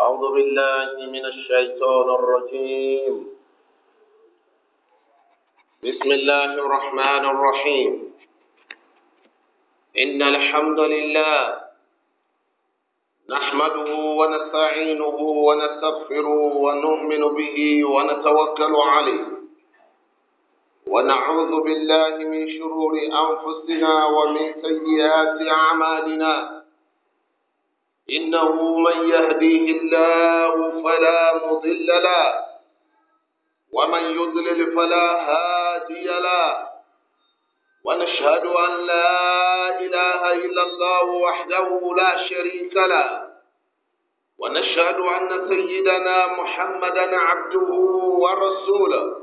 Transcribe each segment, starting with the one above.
أعوذ بالله من الشيطان الرجيم بسم الله الرحمن الرحيم إن الحمد لله نحمده ونستعينه ونستغفره ونؤمن به ونتوكل عليه ونعوذ بالله من شرور أنفسنا ومن سيئات أعمالنا إنه من يهديه الله فلا مضل له ومن يضلل فلا هادي له ونشهد أن لا إله إلا الله وحده لا شريك له ونشهد أن سيدنا محمدا عبده ورسوله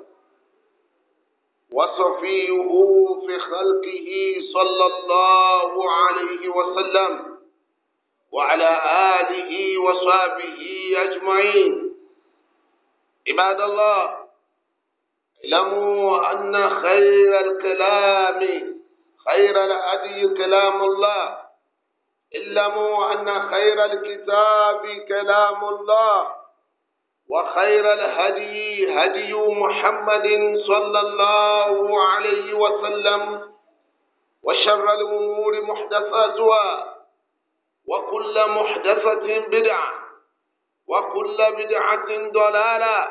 وصفيه في خلقه صلى الله عليه وسلم وعلى آله وصحبه أجمعين عباد الله اعلموا أن خير الكلام خير الهدي كلام الله اعلموا أن خير الكتاب كلام الله وخير الهدي هدي محمد صلى الله عليه وسلم وشر الأمور محدثاتها وكل محدثة بدعة وكل بدعة ضلالة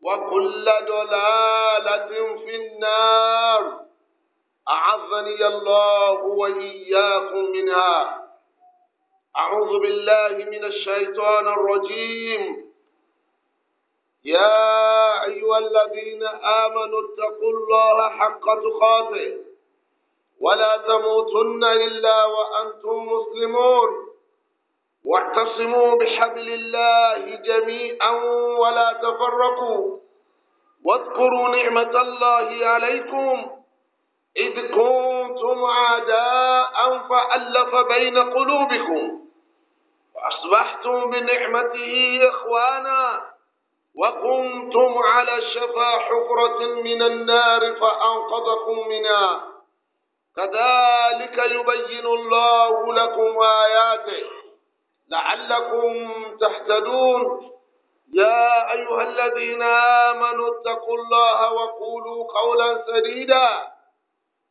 وكل ضلالة في النار أعظني الله وإياكم منها أعوذ بالله من الشيطان الرجيم يا أيها الذين آمنوا اتقوا الله حق تقاته ولا تموتن إلا وأنتم مسلمون واعتصموا بحبل الله جميعا ولا تفرقوا واذكروا نعمة الله عليكم إذ كنتم عداء فألف بين قلوبكم فأصبحتم بنعمته إخوانا وكنتم على شفا حفرة من النار فأنقذكم منها كذلك يبين الله لكم آياته لعلكم تهتدون يا أيها الذين آمنوا اتقوا الله وقولوا قولا سديدا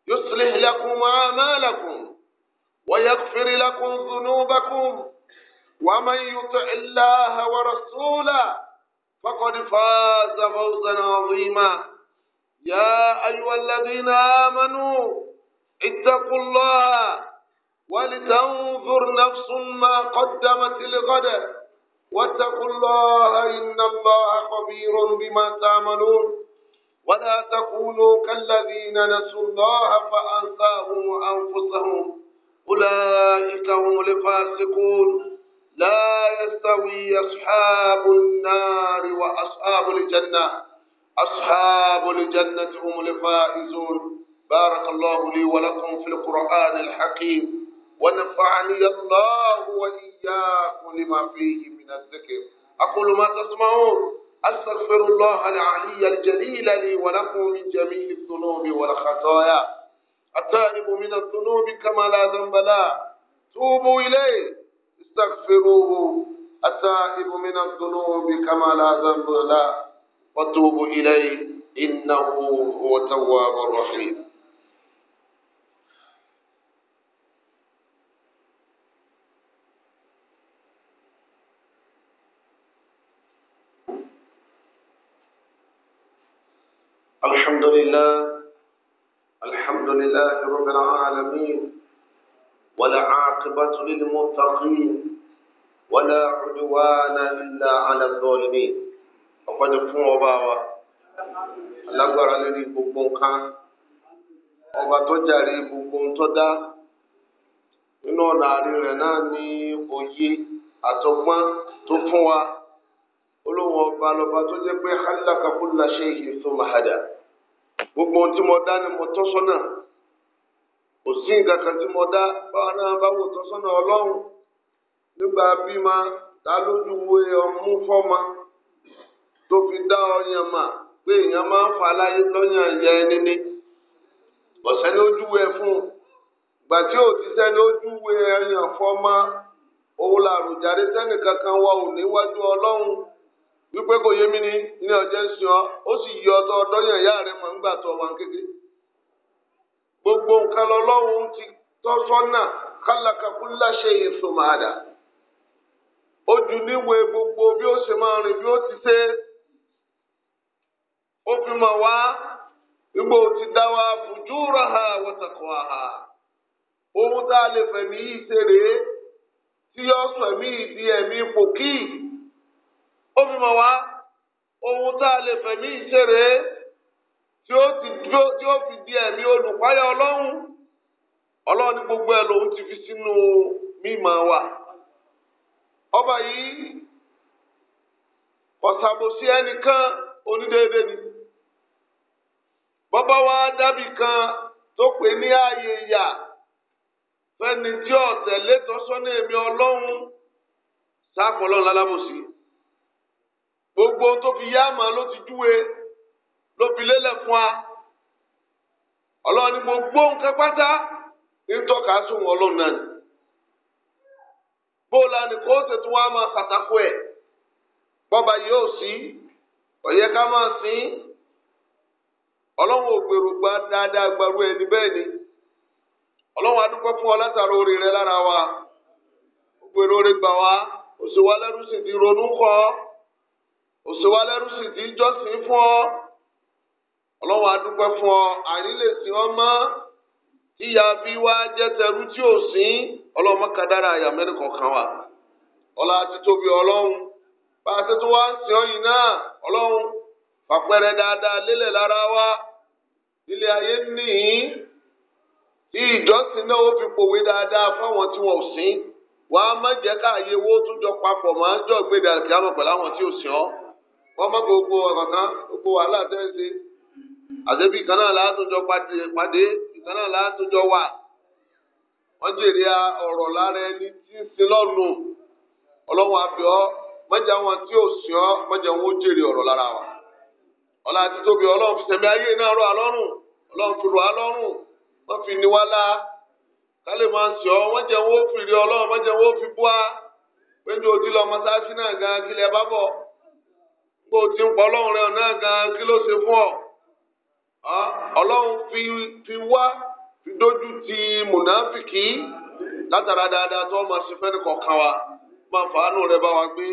يصلح لكم أعمالكم ويغفر لكم ذنوبكم ومن يطع الله ورسوله فقد فاز فوزا عظيما يا أيها الذين آمنوا اتقوا الله ولتنظر نفس ما قدمت لغد واتقوا الله إن الله خبير بما تعملون ولا تكونوا كالذين نسوا الله فأنساهم أنفسهم أولئك هم الفاسقون لا يستوي أصحاب النار وأصحاب الجنة أصحاب الجنة هم الفائزون بارك الله لي ولكم في القرآن الحكيم ونفعني الله وإياكم لما فيه من الذكر أقول ما تسمعون أستغفر الله العلي الجليل لي ولكم من جميع الذنوب والخطايا التائب من الذنوب كما لا ذنب له توبوا إليه استغفروه التائب من الذنوب كما لا ذنب له وتوبوا إليه إنه هو التواب الرحيم الحمد لله الحمد لله رب العالمين ولا عاقبة للمتقين ولا عدوان إلا على الظالمين ọpẹ́ni fún ọba wa alágbára lórí gbogbo nǹkan ọba tó jàre gbogbo ohun tó dá nínú ọ̀nà àárín rẹ̀ náà ní òye àtọgbọ́n tó fún wa olóhùn ọba lọba tó jẹ́ pé hálàkà kulla shay'in thumma hada gbogbo ohun tí mo dá ni mo tọ́ sọ́nà kò sí nǹkan kan tí mo dá báwa náà bá wò tọ́ sọ́nà ọlọ́run nígbà bímọ ta lójú wo ọmú fọ́mọ tó fi dá ọyàn mà pé èèyàn máa ń fa aláyé lọ́yàn ẹ̀yà ẹni ni ọ̀sẹ̀ ní ojú wo ẹ fún un gbà tí ò ti sẹ́ni ojú wo ẹ̀yàn fọ́mọ òun làrùjáde sẹ́nìkankan wa ò níwájú ọlọ́run. wípé kò yé mi ní ní ọjọ́ ọ ó sì yọ ọtọ ọdọ́yàn ìyá rẹ mọ̀ ńgbà tó wà kéke gbogbo nǹkan lọ́lọ́run ti tọ́ sọ́nà kálàkàkúlà ṣe ìsòmàdà ó níwe gbogbo bí ó ṣe máa rìn bí fi mọ̀ wá gbogbo ti dá wa ha ha. ohun tá a lè fẹ̀mí yìí ṣe rèé tí ó fi mọ̀ wá ohun tá a lè fẹ̀mí ìṣeré tí ó ti tí ó fi di ẹ̀mí olùpáyà ọlọ́run ọlọ́run ní gbogbo ẹ̀ lòun ti fi sínú mímọ̀ wa ọba yìí ọ̀sàbòsí ẹnìkan onídéédé ni bọ́bá wa dábì kan tó pè ní ààyè ìyà fẹ́ni tí ọ̀tẹ̀ létọ́sọ́nà èmi ọlọ́run sáà kọ́ ọlọ́run gbogbo ohun tó fi yá àmà ló ti júwe ló fi lélẹ̀ fún wa ọlọ́run ni gbogbo nǹkan pátá ń tọ́ka sóhun ọlọ́run náà ni bóòlù ànìkó tètè wá máa ṣàtàkù ẹ̀ bọ́ba yóò sí ọ̀yẹ́ ká máa sìn ọlọ́run ògbèrò gba dáadáa gbarú ẹni bẹ́ẹ̀ ni ọlọ́run fún ọ òṣèwálẹ́rú sì ti jọ́sìn fún ọ ọlọ́run adúpẹ́ fún ọ àrílèsí ọmọ tíya bí wá jẹ́ tẹrú tí ò sín ọlọ́run mọ́kàdára àyà mẹ́rin kọ̀ọ̀kan wà ọlá ti tóbi ọlọ́run bá a ti tún wá ń sìn ọ́ yìí náà ọlọ́run fàpẹ́rẹ́ dáadáa lélẹ̀ lára wa ilé ayé nìyí tí ìjọsìn náà ó fi pòwe dáadáa fáwọn tí wọn ò sín wàá má jẹ́ káàyè owó tún jọ papọ̀ máa ń jọ gbé dàkíyàmọ̀ pẹ̀lú àwọn tí ò sín ọ́. wọ́n mọ̀ gbogbo ọ̀rọ̀ kan gbogbo wàhálà tẹ́ ń ṣe àdébí kan náà látúnjọ pàdé ìkan náà wà wọ́n jèrè ọ̀rọ̀ lára ẹni tí ń sin lọ́nu ọlọ́run mọ́jà wa ọlá àti tóbi ọlọ́run fi sẹ̀mí ayé náà rọ àlọ́run ọlọ́run fi rọ àlọ́run wọ́n fi ní wá lá kálí máa ń sìn fi rí ọlọ́run wọ́n ó fi bú bó ti ń pa ọlọ́run rẹ náà gan kí ló ṣe fún ọ ọlọ́run fi fi wá fi dójú ti mùnáfìkì látara dáadáa tó máa ṣe fẹ́ni kọ̀ọ̀kan wa máa fàánù rẹ bá wa gbé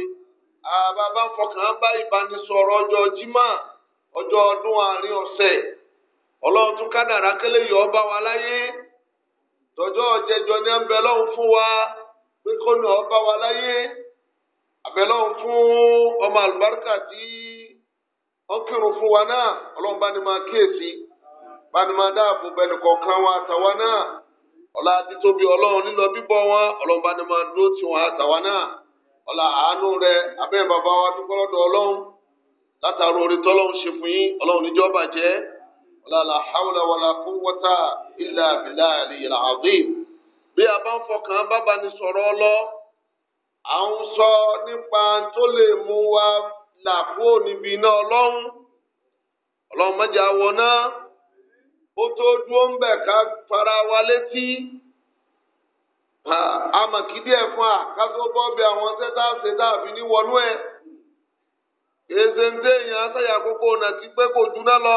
àbá bá ń fọkàn bá ìbánisọ̀rọ̀ ọjọ́ jimá ọjọ́ ọdún àárín ọ̀sẹ̀ ọlọ́run tún kádàrá kélé yọ̀ ọba wa láyé tọjọ́ ọ̀jẹ̀jọ ní ẹ̀ ń wa pé kó wa láyé. àbẹ̀lọ́ fún ọmọ àlùbáríkà tí wọ́n kírun fún wa náà ọlọ́run bá ní máa kíyèsí bá ní máa dáàbò bẹ́ẹ̀ nìkọ̀ọ̀kan náà ọlá títóbi ọlọ́run nílọ bíbọ wọn ọlọ́run bá ní máa dúró tì wọn àtàwa náà ọlá rẹ bàbá wa ọlọ́run látàrí orí tọ́lọ́run ṣe fún yín la bí a bá ń fọkàn ní à ń sọ nípa tó lè mú wa là kúrò níbi iná ọlọ́run ọlọ́run mọ́jà wọ náà ó tó dúró ń bẹ̀ ká fara wa létí amọ̀kídí ẹ̀ fún wa ká tó bọ́ bí àwọn sẹ́tà sẹ́tà àfi ní wọnú ẹ̀ èzè ń dé èèyàn sáyà kókó ọ̀nà tí pé kò dúná lọ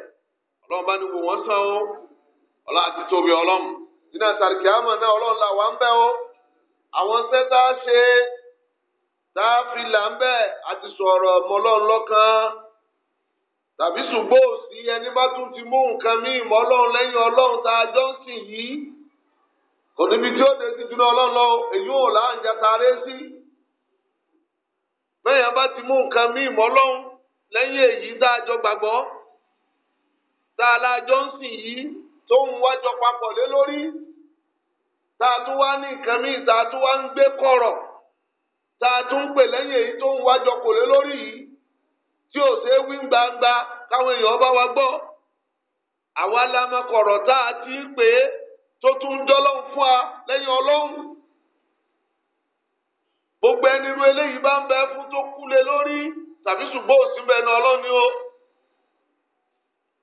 ọlọ́run bá ní gbogbo wọn sàn ó ọlá àti tóbi ọlọ́run nínú àtàríkì àmọ̀ náà ọlọ́run là wà ń bẹ́ ó àwọn sẹ́tà ṣe tá a fi là ń bẹ́ àti sọ̀rọ̀ mọ́lọ́run lọ́kàn tàbí ṣùgbọ́n òsì ẹni bá tún ti mú nǹkan mí ìmọ̀ ọlọ́run lẹ́yìn ọlọ́run tá a jọ ń sìn yìí kò níbi tí ó lè ti dúró ọlọ́run lọ èyí ò là ń jata ré sí bẹ́ẹ̀ yẹn bá ti mú nǹkan mí ìmọ̀ ọlọ́run lẹ́yìn èyí tá a jọ gbàgbọ́ tààlà johnson yìí tó ń wájọ papọ̀ lé lórí tààtú wá ní nǹkan míì tààtú wá ń gbé kọ̀rọ̀ tààtú ń pè lẹ́yìn èyí tó ń wájọ kò lé lórí yìí tí ò ṣe wí gbangba káwọn èèyàn bá wa gbọ́ àwa la tá a ti ń pè é tó tún ń dọ́lọ́hún fún wa lẹ́yìn ọlọ́hún gbogbo ẹni irú eléyìí bá ń bẹ fún tó kú lé lórí tàbí ṣùgbọ́n òsínbẹ́ni ọlọ́ni o.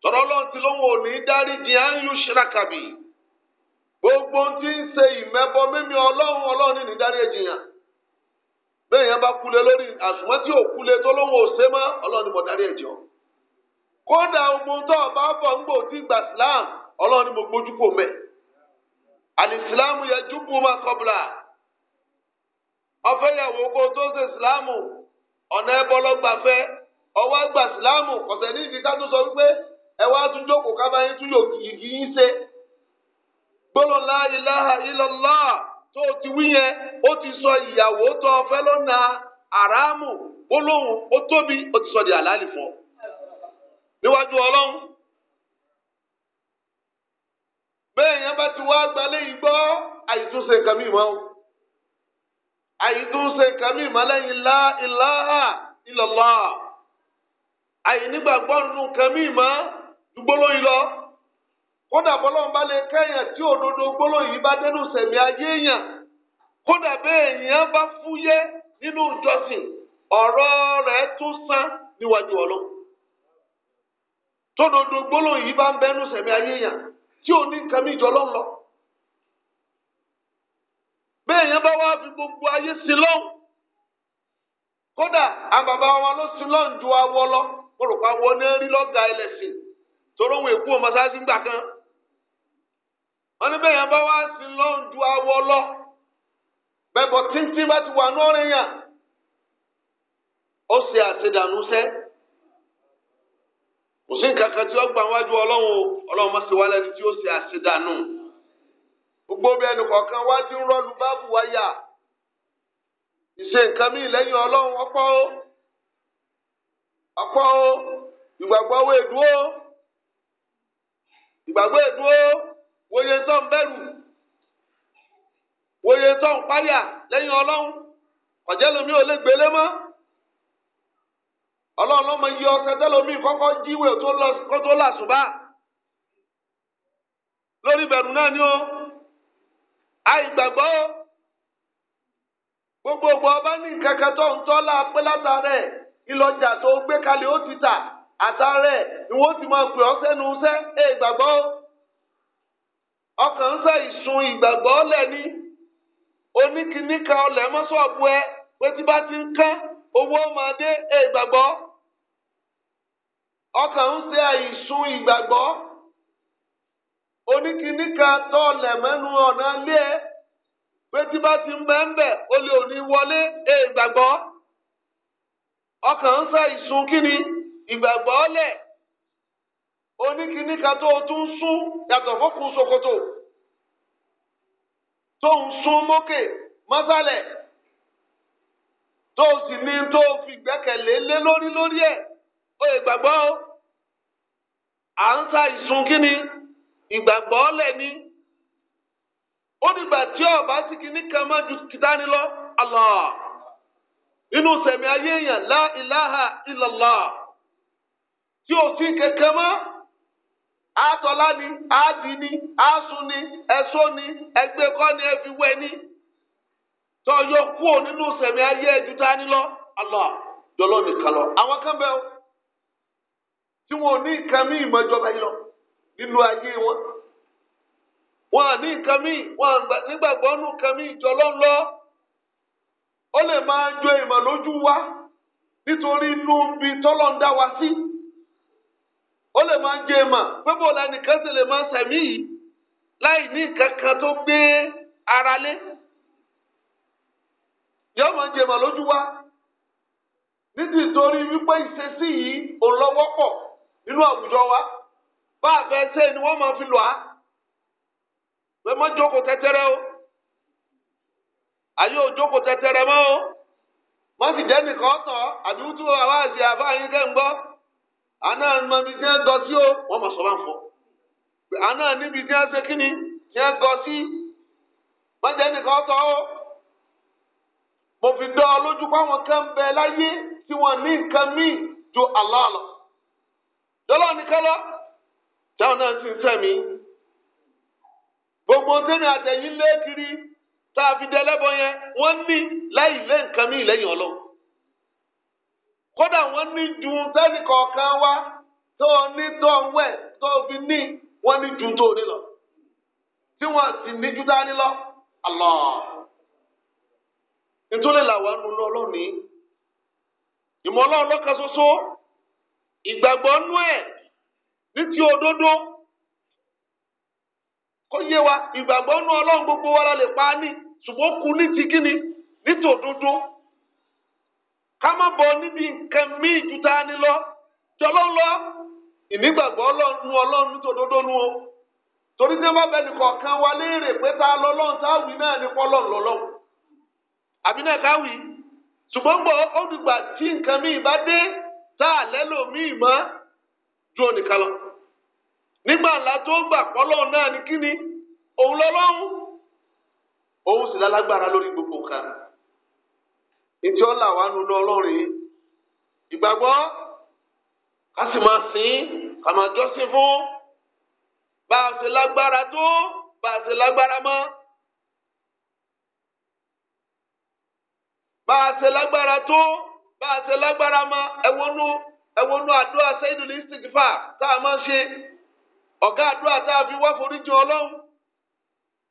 tọrọ lọ́n ti lóun ò ní dáríjì gbogbo ti tí ń ṣe ìmẹ́bọ mímí ọlọ́run ọlọ́run ní dáríjì yàn bẹ́ẹ̀ yẹn bá kule lórí àsùnwọ́n tí ò kule tó lóun ò ṣe mọ́ ọlọ́run ni mo kódà ogun tó ọba bọ̀ ń gbò tí gbà ọlọ́run mo gbójú ẹ wá tún jókòó ká bá yín tún yòókì yín ṣe gbọ́dọ̀ ilaha tó o ti wí yẹn sọ ìyàwó tó o fẹ́ lọ́nà àràmù gbólóhùn ó tóbi ó ti sọ di àlàálì fún ọ níwájú ọlọ́run bẹ́ẹ̀ yẹn bá ti wá gbalẹ̀ yìí gbọ́ àyítúnṣe àyítúnṣe àyínígbàgbọ́ gbólóyìn lọ kódà bọ́lọ́run bá lè kẹ́yàn tí òdodo bá dénú sẹ̀mí kódà bẹ́ẹ̀ èèyàn bá fúyẹ́ nínú ìjọsìn ọ̀rọ̀ rẹ̀ tún sán níwájú ọlọ́run tódodo bá ń sẹ̀mí ayé èèyàn tí ò ní nǹkan lọ bẹ́ẹ̀ èèyàn bá gbogbo ayé sí kódà àbàbà wọn ló sí lọ́hùn ju awọ lọ mo rò pa wọn ní rí ẹlẹ́sìn. tọrọ òun èkú ọmọ sáásí gbà kan wọn ní bẹyàn bá wá sí lọ ń awọ lọ bẹbọ títí bá ti wà nọrin yàn ó ṣe àṣedànù sẹ kò sí nǹkan kan tí ó gbà wájú Ọlọ́run Ọlọ́run má ṣe wá lẹ́ni tí ó ṣe àṣedànù gbogbo bí ẹnì kọ̀ọ̀kan wá ti ń rọ́ọ̀lù báàbù wáyà ìṣe nǹkan lẹ́yìn ìgbàgbọ́ èdúró wòye tó ń bẹ̀rù wòye tó ń páyà lẹ́yìn ọlọ́run ọ̀jẹ́ lomi ò lè gbélé mọ́ ọlọ́run ló mọ iye ọ̀sẹ̀ tẹ́lomi kọ́kọ́ jíwèé kó tó làṣùbà lórí bẹ̀rù náà ni ó àìgbàgbọ́ gbogbogbò ọba ní nǹkan tó ń tọ́ la pé látàrẹ̀ ìlọjà tó gbé kalẹ̀ ó ti tà. àtàrẹ ni wọ́n ti máa pè ọ́ sẹ́nu sẹ́ ẹ ìgbàgbọ́ ọkàn ń sẹ́ ìsun ìgbàgbọ́ lẹ́ni oníkìníkà ọlẹ̀ mọ́sọ̀bù ẹ pé tí bá ti ń kán owó máa dé ẹ ìgbàgbọ́ ọkàn ọ̀nà ilé ti ń ń olè òní wọlé ẹ ìgbàgbọ́ lẹ̀ oníkíní kan tó o tún sún yàtọ̀ fókun ṣòkòtò tó ń sún mókè mọ́sálẹ̀ tó o sì ní tó o fi gbẹ́kẹ̀lé lé lórí lórí ẹ̀ ó lè gbàgbọ́ o à ń sa ìsun kíni ìgbàgbọ́ lẹ̀ ni ó dìgbà tí ọba sí kíní kan má ju kìtáni lọ Allah inú sẹ̀mí ayé èèyàn la ilaha illallah. tí ò sí kẹ̀kẹ́ mọ́ àtọ́lá ni àdì ni àsùn ni ẹ̀sọ́ ni ẹgbẹ́ kọ́ ni ẹbí wẹ́ ni yọ nínú sẹ̀mí ayé ẹ̀jú tá a lọ jọlọ nìkan lọ àwọn kan bẹ́ẹ̀ tí wọn ò ní nǹkan mí ìmọ̀ ìjọba yìí lọ ayé wọn wọn à ní nǹkan mí wọn nígbàgbọ́ nù nǹkan jọ ìmọ̀ wa nítorí inú bíi tọ́lọ́ Si ó lè máa ń jẹ mà pé bó la nìkan sì lè máa sẹ̀mí yìí láì ní nǹkan kan tó gbé ara lé yóò máa jẹ mà lójú wa nídìí torí wípé ìṣesí yìí ò lọ́wọ́ pọ̀ nínú àwùjọ wa bá a fẹ́ ṣe ni wọ́n máa fi lọ á pé má jókòó tẹ́tẹ́rẹ́ o àyè ò jókòó tẹ́tẹ́rẹ́ mọ́ o má sì jẹ́ nìkan tán àbí wútú àwa àti àbá kẹ́ ń gbọ́ àná mọbi tí wọn gọ sí o wọn mọ sọ bá ń fọ àná níbi tí wọn ṣe kíni tí wọn gọ sí mọjẹ nìkan tọ o mo fi dán ọ lójú pé àwọn kan bẹ láyé tí wọn ní nǹkan míì ju Allah lọ dọlọ nìkan lọ táwọn náà ti ń sẹmí gbogbo tẹmí àtẹyìn lé kiri tá a fi dẹlẹbọ yẹn wọn ní láì lé nǹkan míì lẹ́yìn Ọlọ́run kódà wọ́n ní ju tẹ́nì kọ̀ọ̀kan wá tó o ní tó ń wẹ̀ tó o fi ní wọ́n ní ju tó o ní lọ tí wọ́n sì ní ju dání lọ àlọ́ nítorí làwọn ń lọ lónìí ìmọ̀ ọlọ́run ṣoṣo ìgbàgbọ́ nú ẹ̀ ní ti òdodo kó yé wa ìgbàgbọ́ nú ọlọ́run gbogbo wa la lè pa á ní ṣùgbọ́n kú ní ti kíni ní tòdodo. kama má bọ níbi nǹkan míì ju tá a ní lọ tí ọlọ́run lọ ìmígbàgbọ́ ọlọ́run nu ọlọ́run nítòdodo nu o torí tí wọ́n bẹ nìkan kan wa léèrè pé tá lọ lọ́run tá a wí náà ní pọ́lọ́run lọ́lọ́run àbí náà ká wí ṣùgbọ́n gbọ́ ó tí nǹkan míì bá dé tá a lẹ́lò míì mọ́ ju ònìkan lọ ntí ọ́ là wá nínú ọlọ́run yìí ìgbàgbọ́ ká sì máa sìn ká máa jọ́sìn fún bá a ṣe lágbára tó bá a ṣe lágbára mọ́. bá a ṣe lágbára tó bá a ṣe lágbára mọ́ ẹwọnú ẹwọnú àdúrà sẹ́yìndìlì ìsìnkìfà tá a máa ṣe ọ̀gá àdúrà tá a wá foríjì ọlọ́run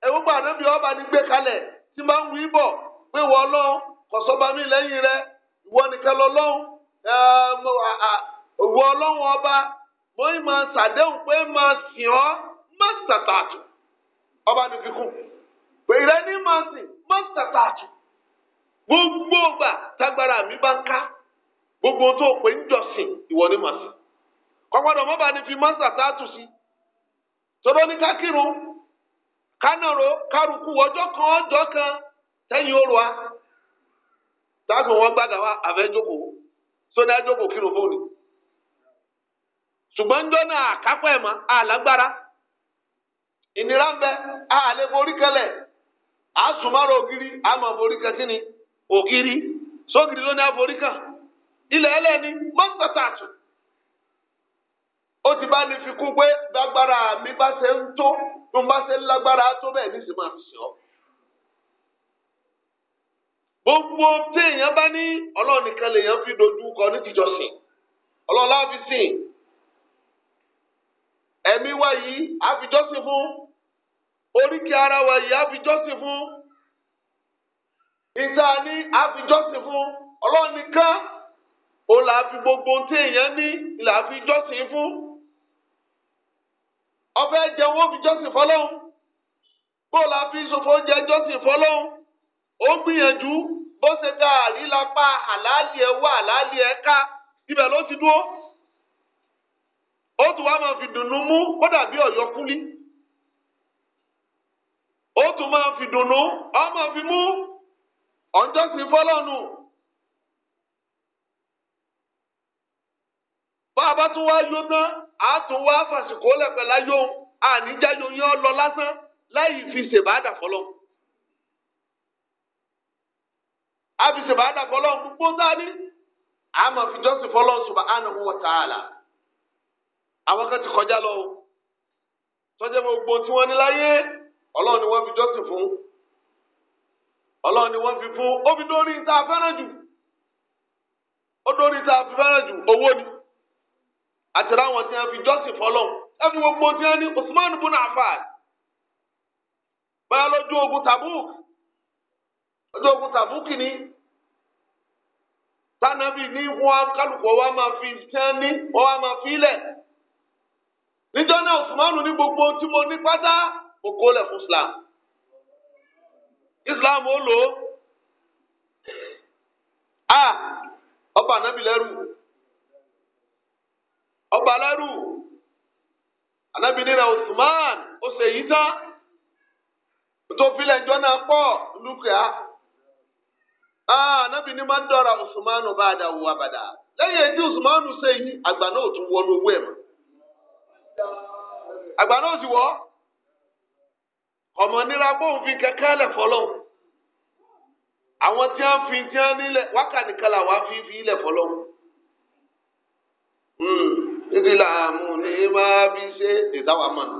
ẹ̀wọ́n gbàdúrà bí ọba ní gbé kalẹ̀ tí máa ń wí bọ̀ pé wọ́n ọlọ́run. kọsọba mi lẹ́yìn rẹ ìwọ nìkan lọ́lọ́run ìwọ ọlọ́run ọba mọ ń ṣàdéhùn pé máa sìn ọba ní kíkún pèrè ní máa sìn má gbogbo gbà tágbára mi bá ń ká gbogbo tó pè ń ọjọ́ kan ọjọ́ kan tẹ́yìn táàgùn wọn gbàgà wá àfẹjókòó sóní àjókòó kírun fóònù ṣùgbọ́n njọ́ náà àkápọ̀ ẹ̀mọ́ àlágbára ìnira bẹ àlè forí kẹlẹ̀ àsùnmọ́rọ̀ ògiri àmọ̀ forí kẹsí ni ògiri sógiri ló ní kàn ilẹ̀ ẹlẹ́ni mọ́tàtàtù ó ti bá ní fi kú pé gbàgbára mi bá ṣe ń tó bá ṣe ń lágbára gbogbo téèyàn bá ní ọlọ́run nìkan lèèyàn fi dojú kọ ní tìjọsìn ọlọ́run láàfin sìn ẹ̀mí wa yìí àfijọ́sìn fún oríkì ara wa yìí àfijọ́sìn fún ìta ní àfijọ́sìn fún ọlọ́run nìkan ó là á fi gbogbo téèyàn ní là á fi jọ́sìn fún ọ̀fẹ́ jẹun ó fi jọ́sìn fọlọ́hún bó la fi ṣòfò jẹ jọ́sìn fọlọ́hún ó gbìyànjú bó ṣe da àrílápá àlàálì ẹ wá àlàálì ẹ ká ibẹ̀ ló ti dúró ó tún wá máa fi dùnnú mú kó dàbí Ọ̀yọ́ kúlí ó tún máa fi dùnnú ó máa fi mú ọ̀njọ́sìn fọlọ́nù. bá a bá tún wá yó tán a tún wá fàṣìkò lẹ̀pẹ̀ láyò àníjáyò yẹn lọ lásán láì fi ṣèbáàdà fọlọ́nù. àfi ṣèbáàdà fọlọ́ gbogbo dání àmọ́ fi jọ́sìn fọlọ́ subhanahu wa ta'ala àwọn kan ti kọjá lọ sọjá gbogbo tí wọ́n ní láyé ọlọ́run ni wọ́n fi jọ́sìn fún ọlọ́run ni wọ́n fi fún ó fi dórí tá a fẹ́ràn jù ó dórí tá a fi fẹ́ràn jù owó ni àti láwọn tí wọ́n fi jọ́sìn fọlọ́ ẹ̀fọn gbogbo tí wọ́n ní Usman ibn Affan báyọ̀ lọ́jọ́ ogun Tabuk ọjọ́ ogun tàbúkì ni tánàbì ní wọn kálukọ wa máa fi tán ní wọn wa máa fi lẹ níjọ́ náà Usmanu ní gbogbo tí mo ní pátá mo kó lẹ fún Islam Islam ó lò ó a ọba anabi lẹ́rù ọba lẹ́rù anabi nínú Usman ó ṣe yí tán tó fi lẹ́jọ́ náà pọ̀ lùkìá anabi ah, ni máa ń dọ́ra usmanu bá a da wo abàdà lẹ́yìn èdè usmanu sẹ́yìn àgbà náà tún wọnú owó ẹ̀ mọ́ àgbà náà sì wọ́ ọmọ nira bóun fi kankan lẹ̀ fọlọ́ àwọn tí wọ́n fi tí wọ́n nílẹ̀ wákàtí kala wàá fi fi ilẹ̀ fọlọ́ títí hmm, làámú ni máa fi ṣe ìdáwà mọ́ ni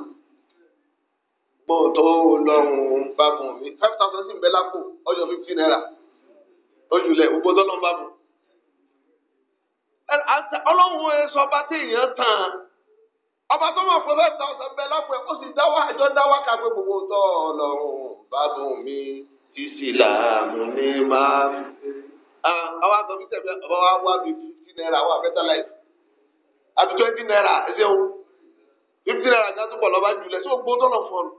mo tó lọ́hùn-ún bá gùn mi five thousand sí ń bẹ lápò ọyọ fifty naira ojúlẹ̀ gbogbo tó lọ́n bá mu. ọlọ́run ẹ sọ ọba tí èèyàn tàn án ọba tó mọ̀ pé five thousand bẹ́ẹ̀ lọ́pẹ́ ó sì dáwọ́ àjọ dáwọ́ kàgbé gbogbo tọ́ ọlọ́run bàbá mi ìsìlámù ní máa ń. àwọn àtọ́bí tẹ̀lé ọba wa wá bíi fifty naira wà fertilizer àbí twenty naira ẹ̀ṣẹ̀ wo fifty naira kan tó pọ̀ lọ́ba jùlẹ̀ sí gbogbo tọ́lọ̀ fún ọ.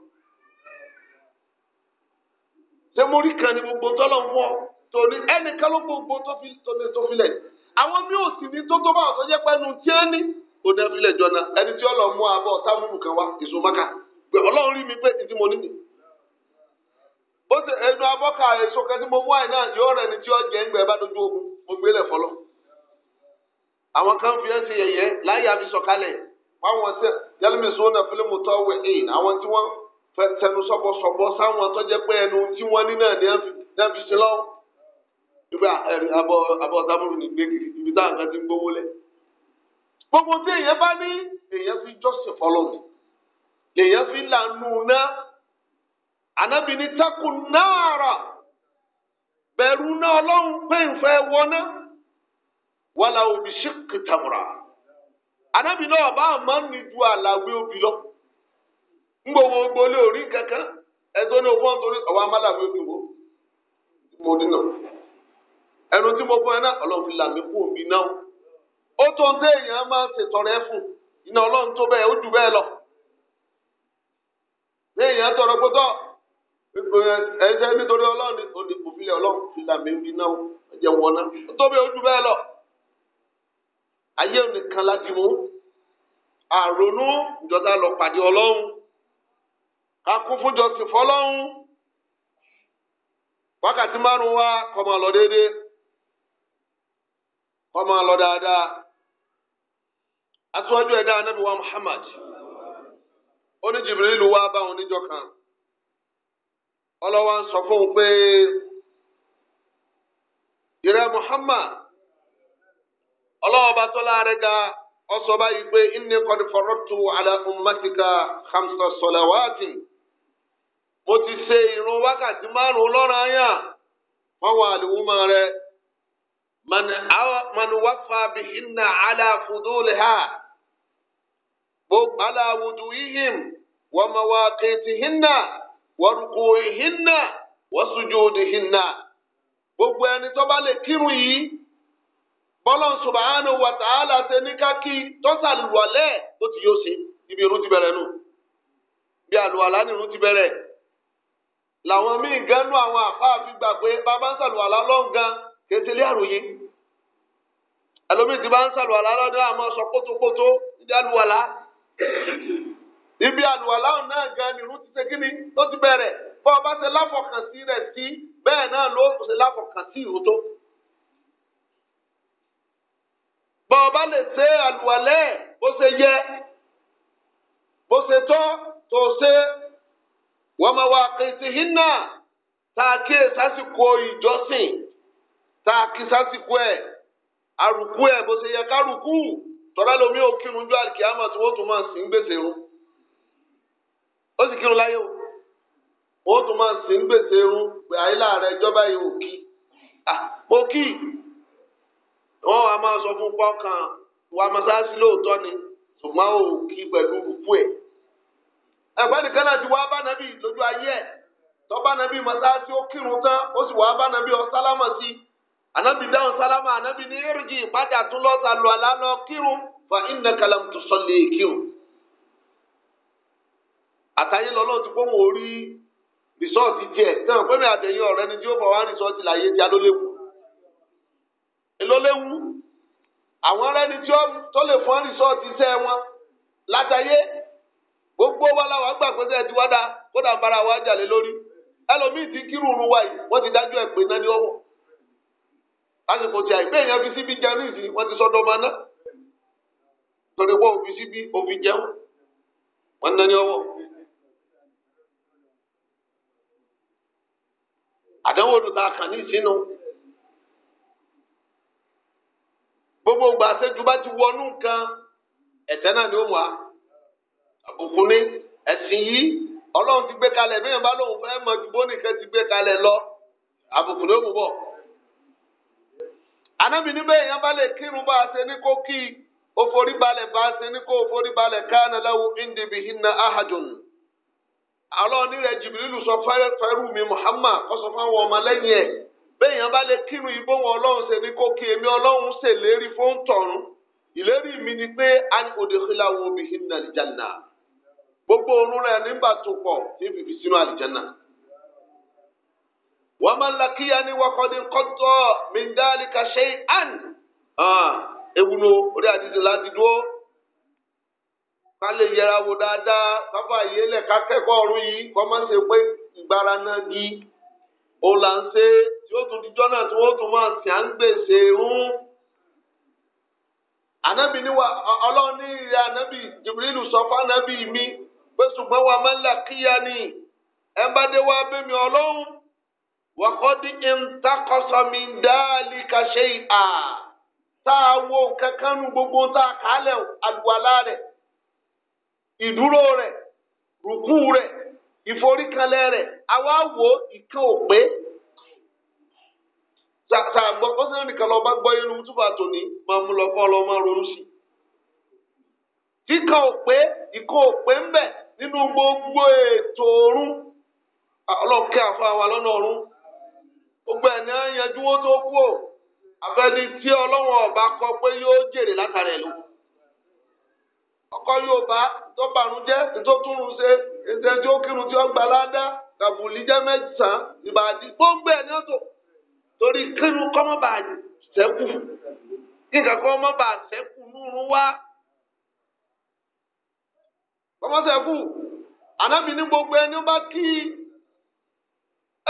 ṣé mórí kan ni gbogbo tọ́lọ̀ fún ọ tòní ẹnìkan ló gbogbo tó fi tóbi tó filẹ̀ àwọn mi ò sì ní tó tó báwọn tó jẹ́ pẹ́nu tí ó ní ó dẹ́ filẹ̀ jọ̀nà ẹni tí ó lọ mú abọ́ táwùrù kan wá ìsúnmáka pé ọlọ́run rí mi pé ìdí mo níbi. bó ṣe ẹnu abọ́ka èso kan tí mo mú àìná yóò rẹ̀ ni tí ó jẹ́ ńgbẹ́ bá dojú ogun mo gbélé fọlọ́. àwọn kan fi ẹsẹ̀ yẹ̀yẹ́ láyé àfi sọ̀kalẹ̀ fáwọn tẹ yálùmí sọ́nà fílímù tó wẹ̀ ẹ̀yìn àwọn tí wọ́n fẹ́ tẹnu sọ́bọ̀sọ̀bọ̀ sáwọn tó jẹ́ pé ẹnu tí wọ́n ní náà ní ìgbà ibi táwọn kan ti ń gbówó gbogbo tí èèyàn bá ní èèyàn fi jọ́sìn fọlọ́run èèyàn fi lànà náà ànábì ní takùn náírà bẹ̀rù náà ọlọ́run pẹ́ǹfẹ́ wọná wàlà òbí tàmùrà ànábì náà bá àmọ́ ní ju àlàwé òbí lọ ń gbolé orí kankan ní amálàwé ẹnu tí mo fún ẹ náà ọlọ́run fi là mí kú òbí náà ó tó ń dé èèyàn máa ń ṣètọrẹ fún iná tó ó jù lọ ní èèyàn tọrọ gbọdọ ẹjẹ nítorí ọlọ́run ó ní kò fílẹ̀ fi là mí bí náà ẹjẹ wọn náà ó tó ó jù lọ ayé nìkan mú àrònú ìjọba lọ pàdé wákàtí kọ́ máa lọ dáadáa aṣíwájú ẹ̀dá anábì wa Muhammad ó ní Jibril wá bá òun Ọlọwa kan ọlọ́wà ń sọ pé ìrẹ́ Muhammad bá tọ́lá rẹ̀ ga ó báyìí pé inni qad faradtu ala ummatika mo ti ṣe wákàtí márùn man wafa bihinna ala fudulha gbogbo ala wuduhihim wa mawaqitihinna wa rukuihinna wa sujudihinna gbogbo ẹni tó bá lè kírun yìí bọ́lọ́n subhanahu wa ta'ala ṣe ní kákí tọ́sàlùwalẹ̀ ti làwọn àwọn fi bàbá ń kéńtélé àròyé ẹlòmíì ti bá ń sàlù àlá lọ́dọ̀ àmọ́ sọ kótókótó níbi àlùwàlá ibi àlùwàlá náà gan ni irun ti ṣe kíni ló ti bẹ̀rẹ̀ bọ́ ọba ṣe láfọkànsí rẹ̀ sí bẹ́ẹ̀ náà ló ṣe láfọkànsí ìrún tó. bọ́ ọba lè ṣe àlùwàlẹ́ bó ṣe yẹ bó ṣe tọ́ tó ṣe wọ́n máa wà kìtìhínà tá a kíyèsí àsìkò ìjọsìn. ta a kí sásìkò ẹ àrùkù ẹ̀ bó ṣe yẹ kárùkù tọ́lá lomi ò kírun ju alikiyama tí wọ́n tún máa sìn gbèsè run ó sì kírun láyé o wọ́n tún máa sìn gbèsè run pé àyílà rẹ̀ ìjọba yìí ò kí mo kí wọ́n wàá máa sọ fún pọ́kàn wà mọ́sáàsì lóòótọ́ ni ṣùgbọ́n ò kí pẹ̀lú rùkù ẹ̀ ẹ̀gbọ́n nìkan náà ti wá bá nàbí ayé ẹ̀ tọ́ bá mọ́sáàsì ó kírun tán ó sì wá i. anabi dáhùn sálámà anabi ní èrìgì ìpàdà tún lọ sàlù àlá lọ kírun fa iná kalam tó sọlẹ kírun. àtàyè lọ́lọ́ ti pọ́n wò rí rìsọ́ọ̀tì tiẹ̀ náà pẹ́mi àtẹ̀yìn ọ̀rẹ́ ni tí ó bọ̀ wá rìsọ́ọ̀tì láyé tí a ló léwu. èló léwu àwọn arẹ́ni tí ó tó lè fún rìsọ́ọ̀tì iṣẹ́ wọn látàyé gbogbo wa làwọn gbàgbọ́ sẹ́ẹ̀ tí wá dá kódà ń bára wa jà lé lórí ẹlòmíì ti kírun wa yìí wọ́n ti dájú ẹ̀ pé náà ni ọ̀wọ́ lásìkò tí àìpé èèyàn fi síbi jẹun nìsí wọ́n ti sọ́dọ̀ ọmọ náà torí wọ́n fi síbi òfin jẹun wọ́n nání ọwọ́. àdánwò olùta kàn ní ìsínú gbogbo ìgbà àṣejù bá ti wọnú nǹkan ẹ̀tẹ́ náà ni ó wà àbùkù ní ẹ̀sìn yìí ọlọ́run ti gbé kalẹ̀ bí èèyàn bá lóun fẹ́ mọ ju bó nìkan ti gbé kalẹ̀ lọ àbùkù ní ó mú bọ̀ anábì níbẹ̀ èèyàn bá lè kírun bá a ṣe ní kó kí ó forí balẹ̀ bá a ṣe ní kó forí balẹ̀ káàna lahu indibi hinna ahadun alọ́ọ̀ni rẹ̀ jìbìlìlù sọ fẹ́rù mi Muhammad kó sọ fáwọn ọmọlẹ́yìn ẹ̀ bẹ́ẹ̀ èèyàn bá lè kírun ìbò wọn ọlọ́run ṣe ní kó kí èmi ọlọ́run ṣèlérí fún tọ̀run ìlérí mi ni pé ani òdekìlá wo bihinna aljanna gbogbo orun rẹ̀ nígbà tó pọ̀ ní bìbí sínú aljanna wọ́n máa ń la kíyà ní wakọ̀dé kọ́tọ́ mindali kàṣẹ́ àn ewúro orí àdìsí láti dúró ká lè yẹra wo dáadáa káfà yélẹ̀ ká kẹ́kọ̀ọ́ ọ̀run yìí kọ́ máa ń ṣe pé ìgbára náà di ó là ń ṣe tí ó tún dijọ́ náà tí wọ́n tún máa ṣe à ń gbèsè ń. ànábì ni wa ọlọ́run ní ìrẹ́ ànábì jìbìrìlù sọ mi pé ṣùgbọ́n wa máa ni ẹ bá dé wá bẹ́mi ọlọ́run. وقد انتقص من ذلك شيئا tá a wo kankan nu gbogbo tá a kà á lẹ̀ àlùwàlá rẹ̀ ìdúró rẹ̀ rùkú rẹ̀ ìforíkanlẹ̀ rẹ̀ àwa wo lọ bá gbọ́ yẹnu túbà tòní máa mú lọ kọ́ lọ máa ronú sí i gbogbo ẹni á yanjú ó tó kú o àfẹni tí ọlọ́wọ́n ọba kọ pé yóò jèrè látara ẹ̀ ló ọkọ Yorùbá tó bànújẹ́ tó túnrun ṣe ètò ẹjọ́ kírun tí ó gbà ládá kàbùlí jẹ́ mẹ́sàn-án ìbàdí gbóngbé ẹ̀ ní ọ̀tọ̀ torí kírun kọ́mọ́bà sẹ́kù kí nǹkan kọ́mọ́bà sẹ́kù nùrún wá kọ́mọ́sẹ̀kù ànábì ní gbogbo ẹni ó bá kí i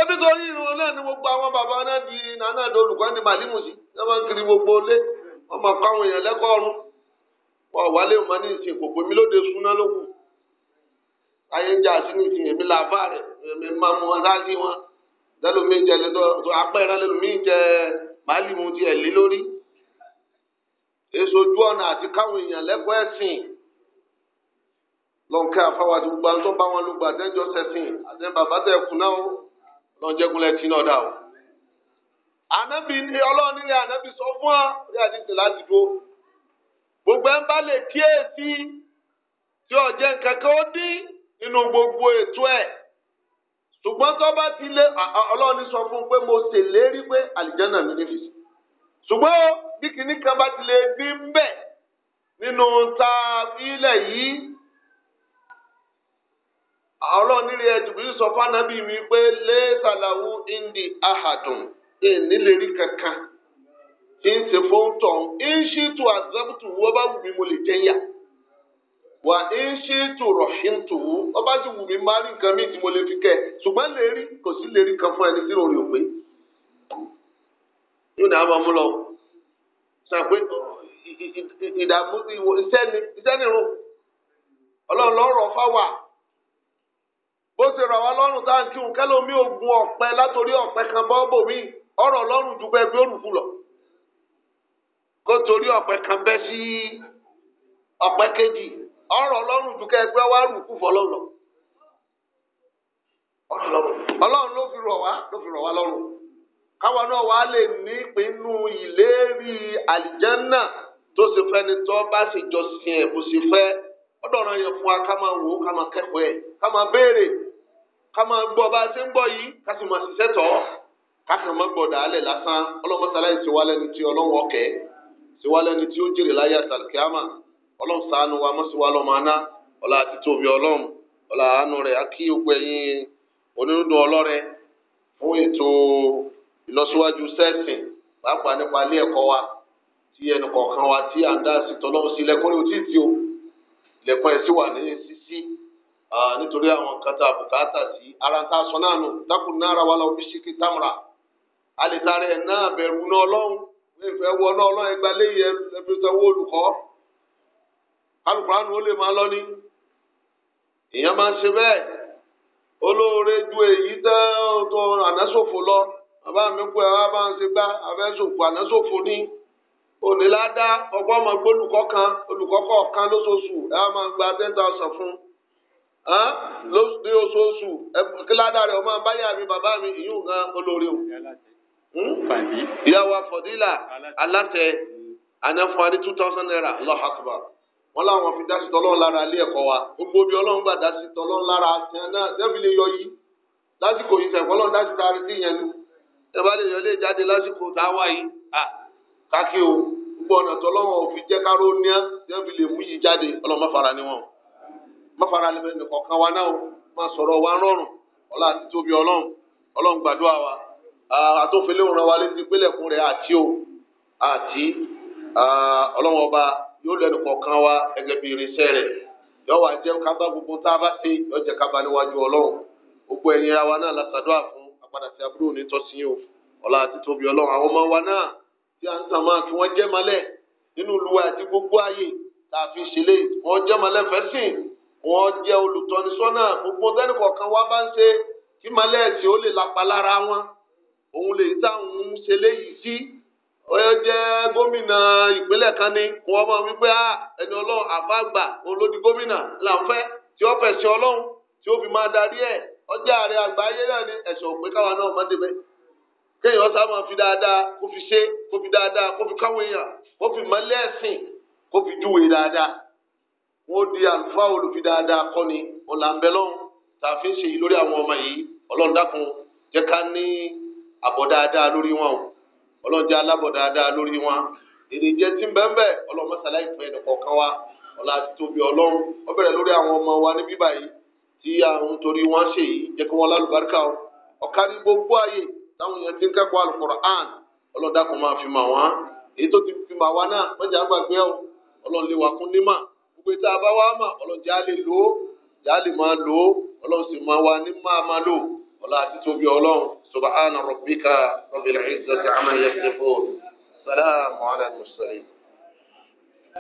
ẹbí tó rí irun náà ni gbogbo àwọn bàbá náà di nàánà àdó olùkọ́ ní màlímù sí ẹ máa ń kiri gbogbo ilé wọn máa kọ́ àwọn èèyàn lẹ́kọ̀ọ́ ọ̀run wọn ò wálé wọn ní ìsìn kòkó mi lóde súná ló kù ayé ń jà sí ní ìsìn èmi làbá rẹ èmi máa mú wọn sáájú wọn lẹ́lòmí jẹ lẹ́tọ́ apẹ́ẹ́rẹ́ lẹ́lòmí jẹ màlímù ti ẹ̀ lé lórí èso ojú ọ̀nà àti káwọn èèyàn lẹ́kọ̀ọ́ ẹ̀sìn lọ́nkẹ́ àfáwà ti gbogbo àwọn tó bá wọn lùgbà lọ́jẹ́kúnlẹ̀ tí náà dà o. ànábì ọlọ́run nílé ànábì sọ fún wa láti dúró. gbogbo ẹ̀ ń bá lè kíyèsí tí ọ̀jẹ̀ nǹkan kan ó dín nínú gbogbo ètò ẹ̀. ṣùgbọ́n tó bá ti lé ọlọ́run sọ fún un pé mo pé àlìjánà mi ṣùgbọ́n bí ọlọ́ọ̀nìrì ẹ̀jù bí sọ fánàbí mi pé lẹ́sàlàwù indi ndị ìnílérí kankan kí n ṣe fóńtọ̀ ń tu àzẹ́bùtù wọ́n bá wù mí mo lè jẹ́yà wà ń ṣí tu rọ̀ṣín tù wọ́n bá ti wù mí má rí nǹkan míì tí mo lè fi kẹ́ ṣùgbọ́n lérí kò sí lérí kan fún ẹni tí yóò ọmọ lọ ìdààmú rò ọlọ́run lọ́rọ̀ bó ṣe rà wá lọ́rùn tá à ń kírun kẹ́lómi ògùn ọ̀pẹ látòrí ọ̀pẹ kan bọ́ bòmí ọ̀rọ̀ lọ́rùn ju bẹ́ẹ̀ gbé lọ kó torí ọ̀pẹ kan sí ọ̀pẹ kejì ọ̀rọ̀ lọ́rùn ju gbé wá rùkú lọ ọlọ́run ló fi rọ̀ wá ló fi rọ̀ wá lọ́rùn káwa náà wàá lè ní ìpinnu ìlérí àlìjánná tó ṣe tó bá fún wa ká máa wò ó ká máa ká máa gbọ́ bá a ṣe ń gbọ́ yìí ká sì máa ṣiṣẹ́ tọ́ ká sì máa gbọ́ dàálẹ̀ lásán ọlọ́mọsáláì ti wá lẹ́ni tí ọlọ́run ọ̀kẹ́ ti wá lẹ́ni tí ó jèrè láyé àtàlùkíámà ọlọ́run ṣàánú wa mọ́sí wa lọ́mọ aná ọlá àti tóbi ọlọ́run ọlá àánú rẹ̀ á kí gbogbo ẹ̀yin onírúndùn ọlọ́rẹ̀ fún ètò ìlọsíwájú sẹ́ẹ̀sìn pàápàá nípa ilé ẹ̀kọ́ wa tí ẹnì kọ̀ọ̀kan wa tí à ń dá sí tọ́lọ́run sí ilẹ̀kùn rẹ̀ ò o ilẹ̀kùn ẹ̀ sì wà ní sísí nítorí àwọn nǹkan tá a bùkátà sí ara tá a sọ náà nù dákun náírà wà láwọn bíṣíkì tamra a lè tara ẹ̀ náà bẹ̀rù náà ọlọ́run ìfẹ́ wọ náà ọlọ́run ẹgbàá léyìí ẹbí sanwó olùkọ́ alùpùpù ó lè máa lọ ní èèyàn máa ń ṣe bẹ́ẹ̀ olóore ju èyí tó ànásòfò lọ bàbá mi pé àwa bá ń ṣe gbá àfẹ́sòfò ànásòfò ní òní ládá ọgbọ́n ọmọ gbólùkọ́ kan olùkọ́ kọ̀ọ̀kan lóṣooṣù ẹ á máa gba ten thousand fún un lóṣù oṣooṣù kíládà rẹ̀ ọmọ báyà mi bàbá mi ìyún gan olórí o. ìyàwó àfọ̀dílà aláṣẹ ànáfọ̀ àní two thousand naira Allahu Akbar wọn làwọn fi dásí tọ́lọ́run lára ilé ẹ̀kọ́ wa gbogbo bí ọlọ́run gbà dásí tọ́lọ́run lára tiẹ̀ náà lẹ́bi lè yọ yìí lásìkò yìí sẹ̀kọ́ ọlọ́run dásí taari sí yẹn nu ẹ bá lè yọ ilé ìjáde lásìkò tá a wá yìí à kákí o gbogbo ọ̀nà tọ́lọ́run ò fi jẹ́ káró ní ẹ́ lẹ́bi lè mú yìí jáde ọlọ́run má fara ni wọn má fara lẹ́fẹ̀ẹ́ nìkan kan wa náà o má sọ̀rọ̀ wa rọrùn ọlá àti tóbi ọlọ́run ọlọ́run gbàdúrà wa àtòfẹ́lẹ́ òun ra wa létí pélẹ̀kùn rẹ̀ àti o àti ọlọ́run ọba yóò lẹ́nu kọ̀ọ̀kan wa gẹ́gẹ́ bí irinṣẹ́ rẹ̀ yóò wá jẹ́ ká bá gbogbo tá a bá ṣe yóò jẹ́ ká bá níwájú ọlọ́run gbogbo ẹ̀yin ara wa náà lásàdúrà fún apàdà sí abúlé òní tọ́sí o ọlá àti tóbi ọlọ́run àwọn ọmọ wa náà tí wọ́n jẹ́ olùtọ́nisọ́nà gbogbo tẹ́nìkọ̀ọ̀kan wá bá ń ṣe kí malẹ́ẹ̀sì ó lè lapa lára wọn òun lè táwọn ń ṣe léyìí sí ó jẹ́ gómìnà ìpínlẹ̀ kan ni wọ́n máa wí pé ah, ẹni ọlọ́run àfàgbà olódi gómìnà là ń fẹ́ tí ó fẹ̀sẹ̀ ọlọ́run tí ó fi máa darí ẹ̀ ọjà ààrẹ àgbáyé náà ni ẹ̀sọ̀ òpé káwa náà má débẹ̀ kéèyàn sá máa fi dáadáa kó fi ṣe kó fi dáadáa kó fi káwọn èèyàn kó fi mọ́lẹ́ẹ̀sìn kó fi júwe dáadáa wọn ó di àlùfáà olùfi dáadáa kọ́ni ọ̀làǹbẹ̀lọ́hún tààfin ṣèyí lórí àwọn ọmọ yìí ọlọ́run dákun jẹ́ ká ní àbọ̀ dáadáa lórí wọn o ọlọ́run jẹ́ alábọ̀ dáadáa lórí wọn èdè jẹ́ tí ń bẹ́ẹ̀ bẹ́ẹ̀ ọlọ́run mọ́sálá ìfún ẹnì kọ̀ọ̀kan wa ọ̀la àti tóbi ọlọ́run ó bẹ̀rẹ̀ lórí àwọn ọmọ wa ní bíbá yìí tí àwọn torí wọn ṣe yìí jẹ́ kí wọ́n lálùbáríkà o ọ̀ka ní gbogbo ààyè táwọn èèyàn ti ń kẹ́kọ̀ọ́ Al-Qur'an ọlọ́run dákun máa fi mà wọ́n èyí tó ti fi mà wá náà wọ́n jẹ́ àgbàgbé ọlọ́run lè wà kún nímà gbogbo tá a bá wá mà ọlọ́jà lè lò ó jà lè máa lò ó ọlọ́run sì máa wá ní máa máa lò ọlá àti tóbi ọlọ́run subhana rabbika rabbil izzati amma yasifun salamu ala mursalin.